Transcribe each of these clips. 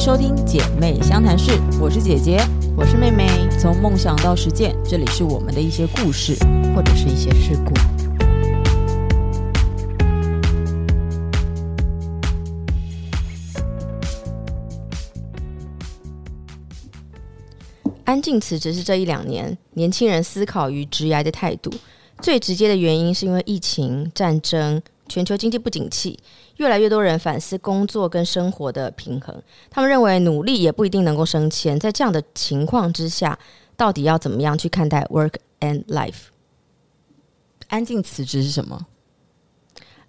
收聽姐妹相談室，我是姐姐，我是妹妹。從夢想到實踐，這裡是我們的一些故事，或者是一些事故。安靜辭職是這一兩年年輕人思考與職業的態度。最直接的原因是因為疫情、戰爭。全球經濟不景氣，越來越多人反思工作跟生活的平衡。他們認為努力也不一定能夠升遷。在這樣的情況之下，到底要怎麼樣去看待 work and life？安靜辭職是什麼？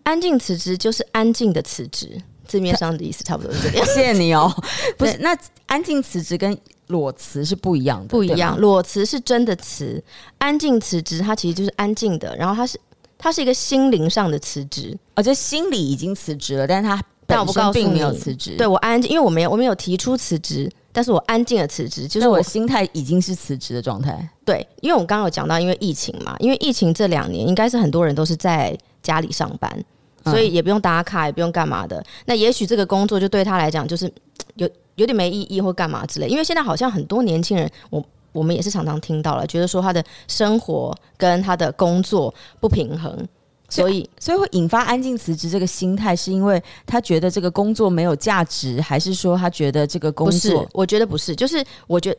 安靜辭職就是安靜的辭職，字面上的意思差不多是這樣。 謝謝你哦。不是，對那安靜辭職跟裸辭是不一樣的。不一樣，嗎裸辭是真的辭，安靜辭職它其實就是安靜的，然後它是。他是一個心靈上的辭職，而且、哦、心裡已經辭職了，但是他本身，但我不告你，並沒有辭職。對我安靜，因為我沒有，我沒有提出辭職，嗯、但是我安靜的辭職，就是我，我心態已經是辭職的狀態。對，因為我剛剛有講到，因為疫情嘛，因為疫情這兩年應該是很多人都是在家裡上班，所以也不用打卡，嗯、也不用幹嘛的。那也許這個工作就對他來講就是有有點沒意義或幹嘛之類，因為現在好像很多年輕人我。我們也是常常聽到了，覺得說他的生活跟他的工作不平衡，所以所以，所以會引發安靜辭職這個心態，是因為他覺得這個工作沒有價值，還是說他覺得這個工作？我覺得不是，就是我覺得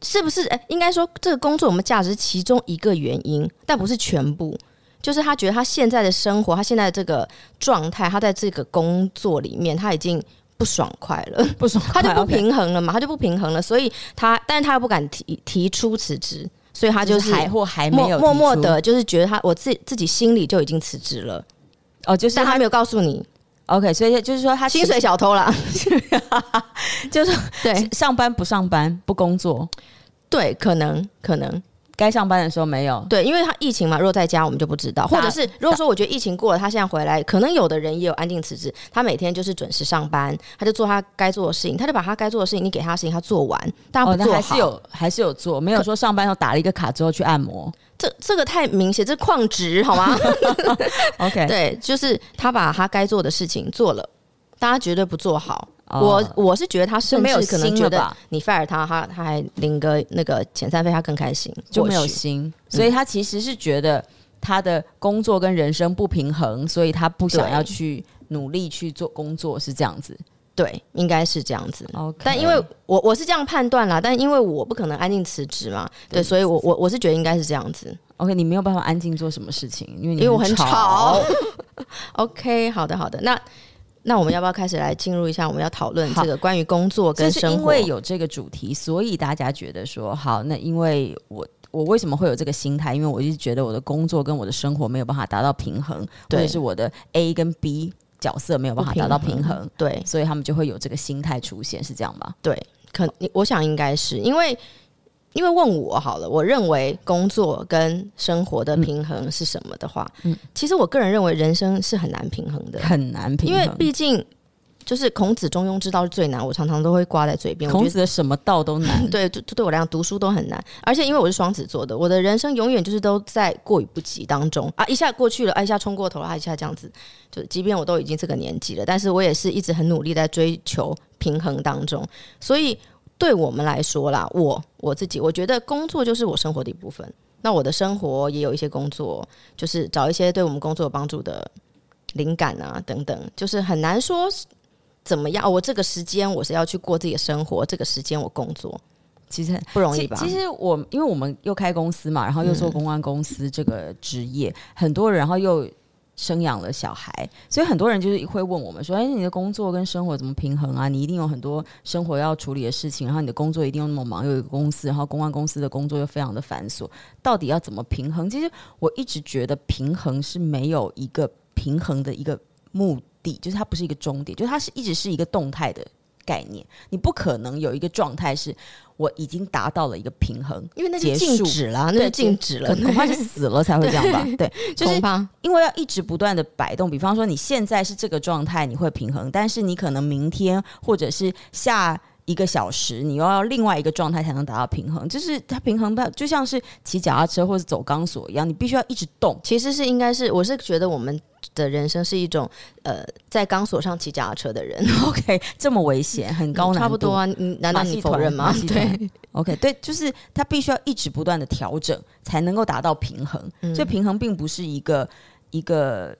是不是？哎、欸，應該說這個工作有沒有價值是其中一個原因，但不是全部，就是他覺得他現在的生活，他現在這個狀態，他在這個工作裡面，他已經。不爽快了，不爽快，他就不平衡了嘛，okay 他就不平衡了，所以他，但是他又不敢提提出辭職，所以他就是還或還沒有默默的，就是覺得他我自自己心裡就已經辭職了，哦，就是他，但他沒有告訴你，OK，所以就是說他薪水小偷啦， 就是說對上班不上班不工作，對，可能可能。該上班的時候沒有，對，因為他疫情嘛，如果在家我們就不知道，打或者是如果說我覺得疫情過了，他現在回來，可能有的人也有安靜辭職，他每天就是準時上班，他就做他該做的事情，他就把他該做的事情，你給他事情他做完，大家不做好，哦，還是有還是有做，沒有說上班要打了一個卡之後去按摩，這這個太明顯，這是曠職好嗎 ？OK，對，就是他把他該做的事情做了，大家絕對不做好。Oh, 我我是覺得他甚至可能覺得你 fire 他，他他還領個那個遣散費，他更開心，就沒有心，或許，所以他其實是覺得他的工作跟人生不平衡，嗯，所以他不想要去努力去做工作，是這樣子，對，應該是這樣子。OK，但因為我我是這樣判斷啦，但因為我不可能安靜辭職嘛，對，對所以我我我是覺得應該是這樣子。OK，你沒有辦法安靜做什麼事情，因為你因為我很吵。 OK，好的好的，那。那我們要不要開始來進入一下我們要討論這個關於工作跟生活？但是因為有這個主題，所以大家覺得說好。那因為我我為什麼會有這個心態？因為我一直覺得我的工作跟我的生活沒有辦法達到平衡，對或者是我的 A 跟 B 角色沒有辦法達到平衡，不平衡，對，所以他們就會有這個心態出現，是這樣吧？對，可我想應該是因為。因為問我好了，我認為工作跟生活的平衡是什麼的話，嗯，其實我個人認為人生是很難平衡的，很難平衡。因為畢竟就是孔子“中庸之道”是最難，我常常都會掛在嘴邊。孔子的什麼道都難，對，對，對我來講讀書都很難。而且因為我是雙子座的，我的人生永遠就是都在過與不及當中啊，一下過去了，哎、啊，一下衝過頭了，哎、啊，一下這樣子。就即便我都已經這個年紀了，但是我也是一直很努力在追求平衡當中，所以。對我們來說啦，我我自己，我覺得工作就是我生活的一部分。那我的生活也有一些工作，就是找一些對我們工作有幫助的靈感啊等等，就是很難說怎麼樣。我這個時間我是要去過自己的生活，這個時間我工作，其實不容易吧？其實，其實我因為我們又開公司嘛，然後又做公關公司這個職業，嗯，很多人然後又。生養了小孩，所以很多人就是會問我們說：“哎，你的工作跟生活怎麼平衡啊？你一定有很多生活要處理的事情，然後你的工作一定要那麼忙，又有一個公司，然後公關公司的工作又非常的繁瑣，到底要怎麼平衡？”其實我一直覺得平衡是沒有一個平衡的一個目的，就是它不是一個終點，就是它是一直是一個動態的概念，你不可能有一個狀態是。我已經達到了一個平衡，因為那就靜止，束止了，那就靜止了，能恐怕是死了才會這樣吧？ 對，對就是因為要一直不斷的擺動。比方說，你現在是這個狀態，你會平衡，但是你可能明天或者是下一個小時，你又要另外一個狀態才能達到平衡，就是它平衡不了，就像是騎腳踏車或者走鋼索一樣，你必須要一直動。其實是應該是，我是覺得我們的人生是一種，呃，在鋼索上騎腳踏車的人。OK，這麼危險，很高難度。嗯。差不多啊，你難道你否認嗎？對，OK，對，就是他必須要一直不斷的調整，才能夠達到平衡。所以，嗯，平衡並不是一個一個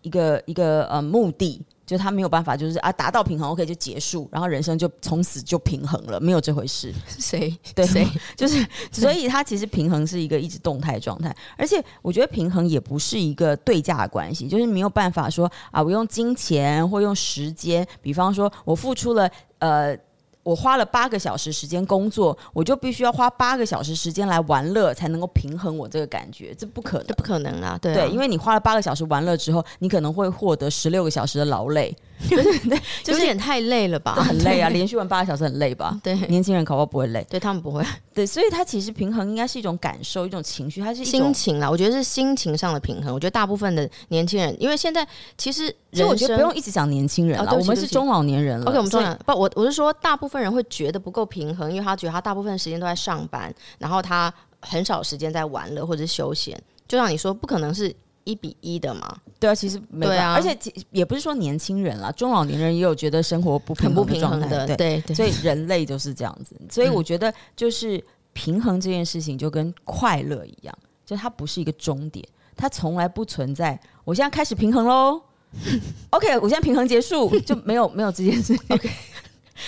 一個一個呃目的。就他沒有辦法，就是啊，達到平衡，OK 就結束，然後人生就從此就平衡了，沒有這回事。誰誰對誰誰就是，所以他其實平衡是一個一直動態狀態， 而且我覺得平衡也不是一個對價的關係，就是沒有辦法說啊，我用金錢或用時間，比方說我付出了呃。我花了八個小時時間工作，我就必須要花八個小時時間來玩樂，才能夠平衡我這個感覺，這不可能，這不可能啊！對，因為你花了八個小時玩樂之後，你可能會獲得十六個小時的勞累，對對對，就是有點太累了吧？很累啊！對連續玩八個小時很累吧？對，年輕人搞不好不會累，對他們不會，對，所以他其實平衡應該是一種感受，一種情緒，他是心情啦。我覺得是心情上的平衡。我覺得大部分的年輕人，因為現在其實人其實我覺得不用一直講年輕人了，哦，我們是中老年人了。OK，我們中以不，我我是說大部分。份人會覺得不夠平衡，因為他覺得他大部分時間都在上班，然後他很少時間在玩樂或者休閒。就像你說，不可能是一比一的嘛？對啊，其實沒有啊，而且也不是說年輕人啦，中老年人也有覺得生活不平衡很不平衡的。對，對對對，所以人類就是這樣子。所以我覺得就是平衡這件事情就跟快樂一樣，嗯、就它不是一個終點，它從來不存在。我現在開始平衡嘍。 OK，我現在平衡結束就沒有，沒有這件事情。 OK。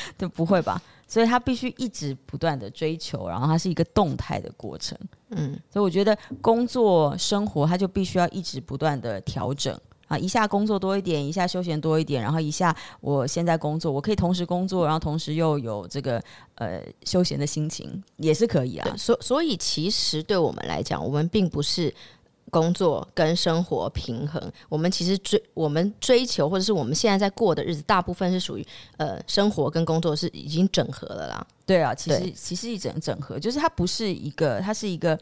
對，不會吧？所以他必須一直不斷的追求，然後它是一個動態的過程。嗯，所以我覺得工作生活，他就必須要一直不斷的調整啊，一下工作多一點，一下休閒多一點，然後一下我現在工作，我可以同時工作，然後同時又有這個呃休閒的心情，也是可以啊。所所以其實對我們來講，我們並不是。工作跟生活平衡，我們其實追我們追求，或者是我們現在在過的日子，大部分是屬於呃生活跟工作是已經整合了啦。對啊，其實對其實一整整合，就是它不是一個，它是一個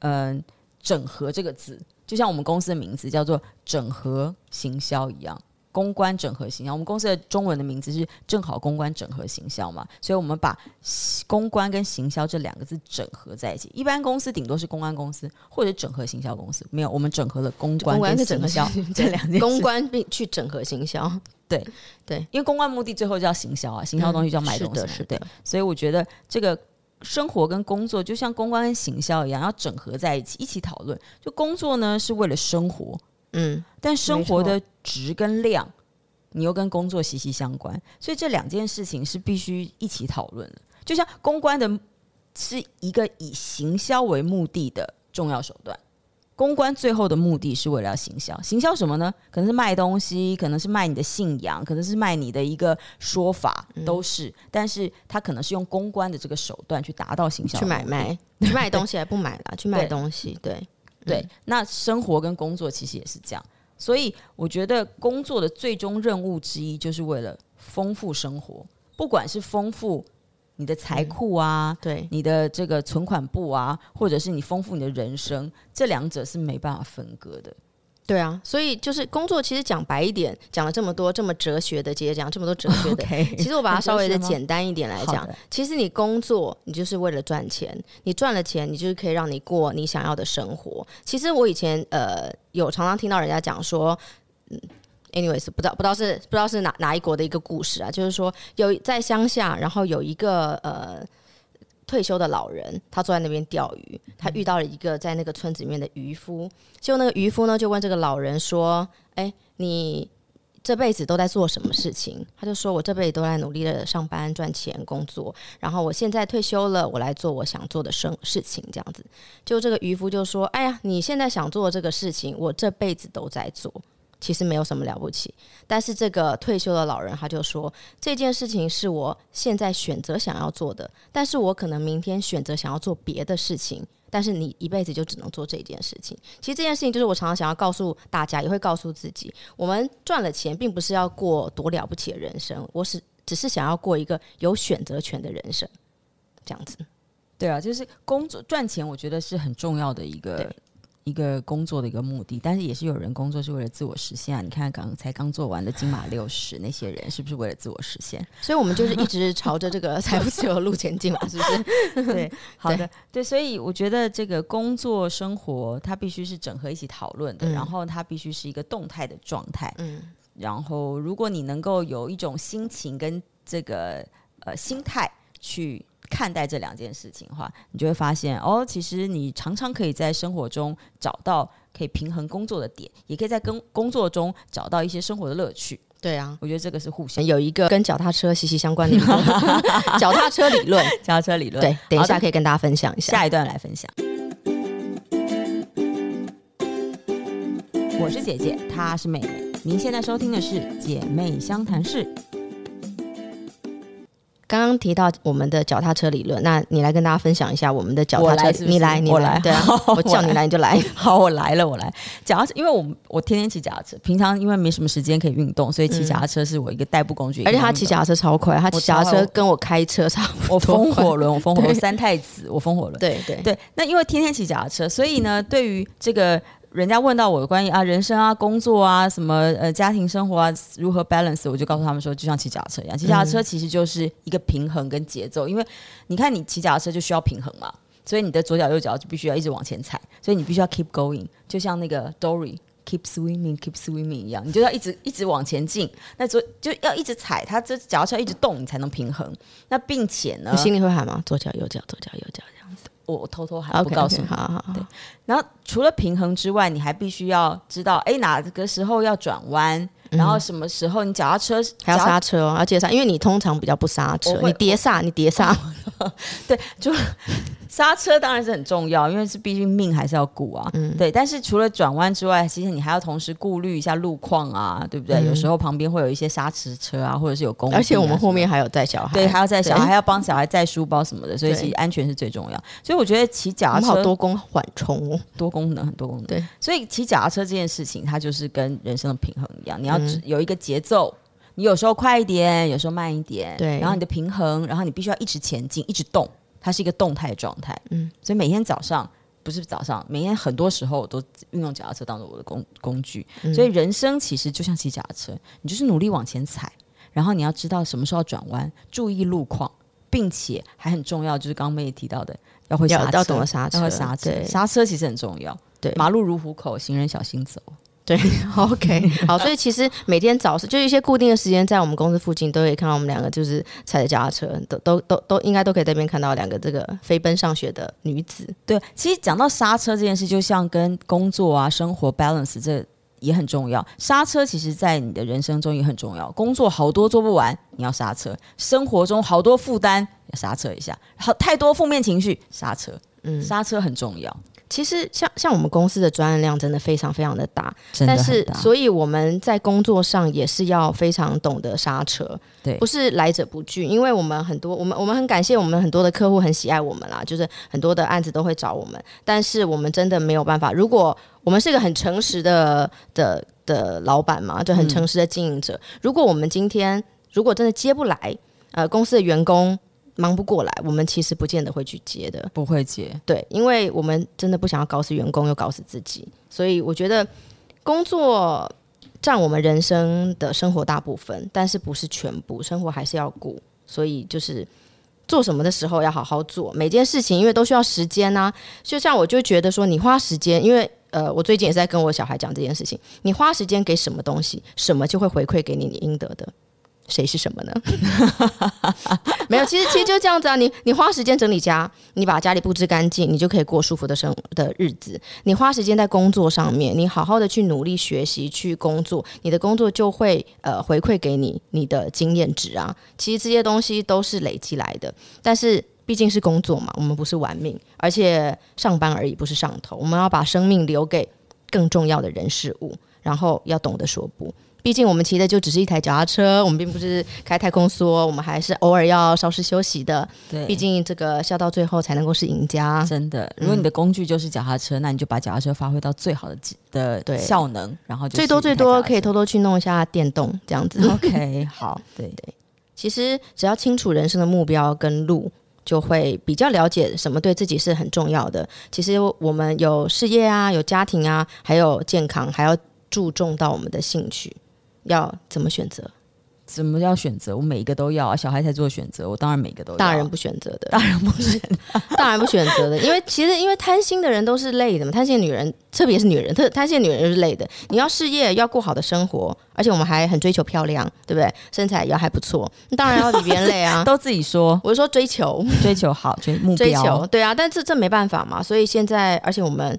嗯、呃、整合這個字，就像我們公司的名字叫做整合行銷一樣。公關整合行銷，我們公司的中文的名字是正好公關整合行銷嘛，所以我們把公關跟行銷這兩個字整合在一起。一般公司頂多是公關公司或者整合行銷公司，沒有我們整合了公關跟整合行銷,公，整合行銷這兩件公關並去整合行銷，對對，對，因為公關目的最後就要行銷啊，行銷東西就要賣東西，嗯、是的，是的對，所以我覺得這個生活跟工作就像公關跟行銷一樣，要整合在一起，一起討論。就工作呢是為了生活。嗯，但生活的質跟量，錯你又跟工作息息相關，所以這兩件事情是必須一起討論的。就像公關的是一個以行銷為目的的重要手段，公關最後的目的是為了要行銷。行銷什麼呢？可能是賣東西，可能是賣你的信仰，可能是賣你的一個說法，嗯、都是。但是他可能是用公關的這個手段去達到行銷，去買賣，對去賣東西還不買了，對去賣東西，對。對，那生活跟工作其實也是這樣，所以我覺得工作的最終任務之一，就是為了豐富生活。不管是豐富你的財庫啊，嗯、對，你的這個存款簿啊，或者是你豐富你的人生，這兩者是沒辦法分割的。對啊，所以就是工作，其實講白一點，講了這麼多這麼哲學的，姐姐講這麼多哲學的，Okay, 其實我把它稍微的簡單一點來講，嗯、其實你工作，你就是為了賺錢，好的，你賺了錢，你就是可以讓你過你想要的生活。其實我以前呃，有常常聽到人家講說，嗯，anyways，不知道不知道是不知道是哪哪一國的一個故事啊，就是說有在鄉下，然後有一個呃。退休的老人，他坐在那邊釣魚。他遇到了一個在那個村子裡面的漁夫。就那個漁夫呢，就問這個老人說：“哎、欸，你這輩子都在做什麼事情？”他就說：“我這輩子都在努力的上班賺錢工作。然後我現在退休了，我來做我想做的生事情。”這樣子，就這個漁夫就說：“哎呀，你現在想做這個事情，我這輩子都在做。”其實沒有什麼了不起，但是這個退休的老人，他就說，這件事情是我現在選擇想要做的，但是我可能明天選擇想要做別的事情，但是你一輩子就只能做這件事情。其實這件事情就是我常常想要告訴大家，也會告訴自己，我們賺了錢並不是要過多了不起的人生，我只只是想要過一個有選擇權的人生，這樣子。對啊，就是工作賺錢，我覺得是很重要的一個。一個工作的一個目的，但是也是有人工作是為了自我實現啊！你看，剛才剛做完的金馬六十， 那些人是不是為了自我實現？所以我們就是一直朝着這個財富自由路前進嘛， 是不是？ 對，好的，對,對，所以我覺得這個工作生活它必須是整合一起討論的，嗯、然後它必須是一個動態的狀態。嗯，然後如果你能夠有一種心情跟這個呃心態去。看待這兩件事情的話，你就會發現哦，其實你常常可以在生活中找到可以平衡工作的點，也可以在跟工作中找到一些生活的樂趣。對啊，我覺得這個是互相有一個跟腳踏車息息相關的腳 踏車理論，腳 踏車理論，對，等一下可以跟大家分享一下，下一段來分享。我是姐姐，她是妹妹，您現在收聽的是《姐妹相談室》。剛剛提到我們的腳踏車理論，那你來跟大家分享一下我們的腳踏車。你來，你來，對啊，我叫你來你就來。好，我來了，我來。腳踏車，因為我們我天天騎腳踏車，平常因為沒什麼時間可以運動，所以騎腳踏車是我一個代步工具。而且他騎腳踏車超快，他騎腳踏車跟我開車差不多。我風火輪，我風火輪，我三太子，我風火輪。對對對，那因為天天騎腳踏車，所以呢，對於這個。人家問到我的關於啊人生啊工作啊什麼呃、家庭生活啊如何 balance，我就告訴他們說，就像騎腳踏車一樣，騎腳踏車其實就是一個平衡跟節奏。嗯、因為你看你騎腳踏車就需要平衡嘛，所以你的左腳右腳就必須要一直往前踩，所以你必須要 keep going，就像那個 Dory keep swimming keep swimming 一樣，你就要一直一直往前進，那左就要一直踩，它這腳踏車一直動你才能平衡。那並且呢，你心裡會喊嗎？左腳右腳左腳右腳這樣子。我偷偷還不告訴你，okay, okay, 好好好。對，然後除了平衡之外，你還必須要知道，誒、欸，哪個時候要轉彎，嗯、然後什麼時候你腳踏車還要剎車，要接剎，因為你通常比較不剎車，會你碟剎，我你碟剎，對，就。 剎車當然是很重要，因為是畢竟命還是要顧啊。嗯、對。但是除了轉彎之外，其實你還要同時顧慮一下路況啊，對不對？嗯、有時候旁邊會有一些砂石車啊，或者是有公、啊，而且我們後面還有帶小孩，對，還要帶小孩，對還要幫小孩載書包什麼的，所以其實安全是最重要。所以我覺得騎腳踏車好多功緩衝、哦，多功能很多功能。對，所以騎腳踏車這件事情，它就是跟人生的平衡一樣，你要有一個節奏，你有時候快一點，有時候慢一點，對。然後你的平衡，然後你必須要一直前進，一直動。它是一個動態狀態，嗯，所以每天早上不是早上，每天很多時候我都運用腳踏車當做我的工工具，嗯，所以人生其實就像騎腳踏車，你就是努力往前踩，然後你要知道什麼時候轉彎，注意路況，並且還很重要，就是剛妹提到的，要會剎要懂得剎，要會剎車，剎車其實很重要，對，馬路如虎口，行人小心走。對，OK，好，所以其實每天早上就一些固定的時間，在我們公司附近都可以看到我們兩個，就是踩着腳踏車，都都都都應該都可以在那邊看到兩個這個飛奔上學的女子。對，其實講到剎車這件事，就像跟工作啊、生活 balance 這也很重要。剎車其實在你的人生中也很重要，工作好多做不完，你要剎車；生活中好多負擔，要剎車一下；好，太多負面情緒，剎車。嗯，剎車很重要。嗯其實像像我們公司的專案量真的非常非常的大，真的很大，但是所以我們在工作上也是要非常懂得剎車，對，不是來者不拒，因為我們很多我們我們很感謝我們很多的客戶很喜愛我們啦，就是很多的案子都會找我們，但是我們真的沒有辦法，如果我們是一個很誠實的的的老闆嘛，就很誠實的經營者，嗯、如果我們今天如果真的接不來，呃，公司的員工。忙不過來，我們其實不見得會去接的，不會接。對，因為我們真的不想要搞死員工，又搞死自己，所以我覺得工作佔我們人生的生活大部分，但是不是全部，生活還是要顧。所以就是做什麼的時候要好好做每件事情，因為都需要時間吶。就像我就覺得說，你花時間，因為呃，我最近也是在跟我小孩講這件事情，你花時間給什麼東西，什麼就會回饋給你，你應得的。誰是什麼呢？ 沒有，其實其實就這樣子啊。你你花時間整理家，你把家裡佈置乾淨，你就可以過舒服的生的日子。你花時間在工作上面，你好好的去努力學習、去工作，你的工作就會呃回饋給你你的經驗值啊。其實這些東西都是累積來的。但是畢竟是工作嘛，我們不是玩命，而且上班而已，不是上頭。我們要把生命留給更重要的人事物，然後要懂得說不。畢竟我們騎的就只是一台腳踏車，我們並不是開太空梭，我們還是偶爾要稍事休息的。對，畢竟這個笑到最後才能夠是贏家。真的，如果、嗯、你的工具就是腳踏車，那你就把腳踏車發揮到最好的的效能，對然後最多最多可以偷偷去弄一下電動這樣子。OK，好，對對。其實只要清楚人生的目標跟路，就會比較了解什麼對自己是很重要的。其實我們有事業啊，有家庭啊，還有健康，還要注重到我們的興趣。要怎麼選擇？怎麼要選擇？我每一個都要啊！小孩才做選擇，我當然每個都要啊。大人不選擇的，大人不選啊，大人不選擇的，因為其實因為貪心的人都是累的嘛。貪心的女人，特別是女人，特貪心的女人是累的。你要事業，要過好的生活，而且我們還很追求漂亮，對不對？身材也還不錯，那當然要比別人累啊。 都自己說，我就說追求，追求好，追求目標，對啊。但這,這沒辦法嘛，所以現在，而且我們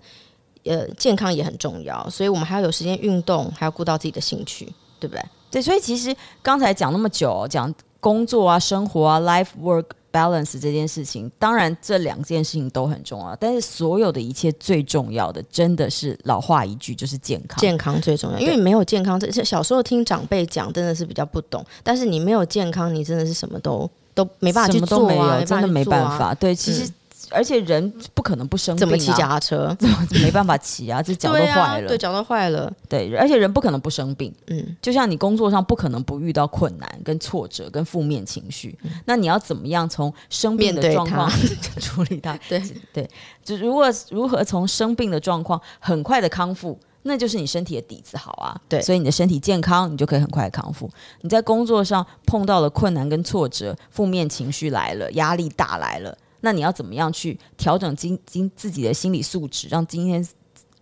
呃健康也很重要，所以我們還要有時間運動，還要顧到自己的興趣。對不對？對，所以其實剛才講那麼久哦，講工作啊、生活啊、life work balance 這件事情，當然這兩件事情都很重要，但是所有的一切最重要的，真的是老話一句，就是健康，健康最重要。對，因為沒有健康，這小時候聽長輩講，真的是比較不懂。但是你沒有健康，你真的是什麼都都沒辦法去做啊，真的沒辦法。辦法啊。對，其實。嗯而且人不可能不生病，啊，病，怎麼騎腳踏車？怎麼沒辦法騎啊？這腳 都壞了對，啊，對，腳都壞了。對，而且人不可能不生病。嗯，就像你工作上不可能不遇到困難、跟挫折、跟負面情緒。嗯、那你要怎麼樣從生病的狀況 處理它他？對對，就如果如何從生病的狀況很快的康復，那就是你身體的底子好啊。對，所以你的身體健康，你就可以很快的康復。你在工作上碰到了困難、跟挫折、負面情緒來了，壓力大來了。那你要怎麼樣去調整今今自己的心理素質，讓今天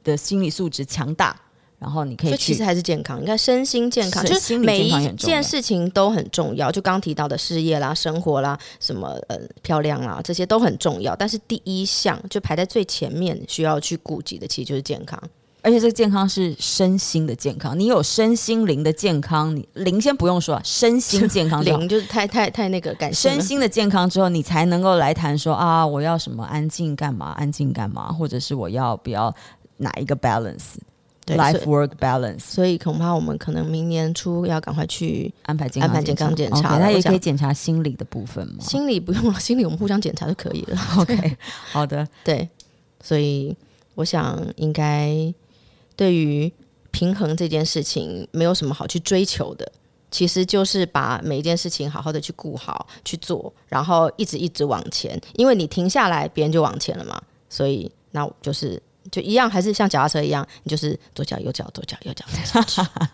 的心理素質強大？然後你可以其實還是健康，你看身心健康，是就是心理健康很重要。每一件事情都很重要。就剛提到的事業啦、生活啦、什麼呃漂亮啦，這些都很重要。但是第一項就排在最前面，需要去顧及的，其實就是健康。而且這個健康是身心的健康，你有身心靈的健康，你靈先不用說、啊、身心健康靈就， 就是太太太那個感身心的健康之後，你才能夠來談說啊，我要什麼安靜幹嘛，安靜幹嘛，或者是我要不要哪一個 balance，life work balance。所以恐怕我們可能明年初要趕快去安排健康檢查，那、okay, 想也可以檢查心理的部分嘛。心理不用了，心理我們互相檢查就可以了。OK， 好的，對，所以我想應該。對於平衡這件事情沒有什麼好去追求的，其實就是把每一件事情好好的去顧好去做，然後一直一直往前，因為你停下來，別人就往前了嘛，所以那就是就一樣，還是像腳踏車一樣，你就是左腳右腳左腳右腳左腳右腳再上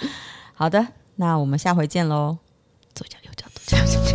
去 好的，那我們下回見嘍，左腳右腳左腳右腳。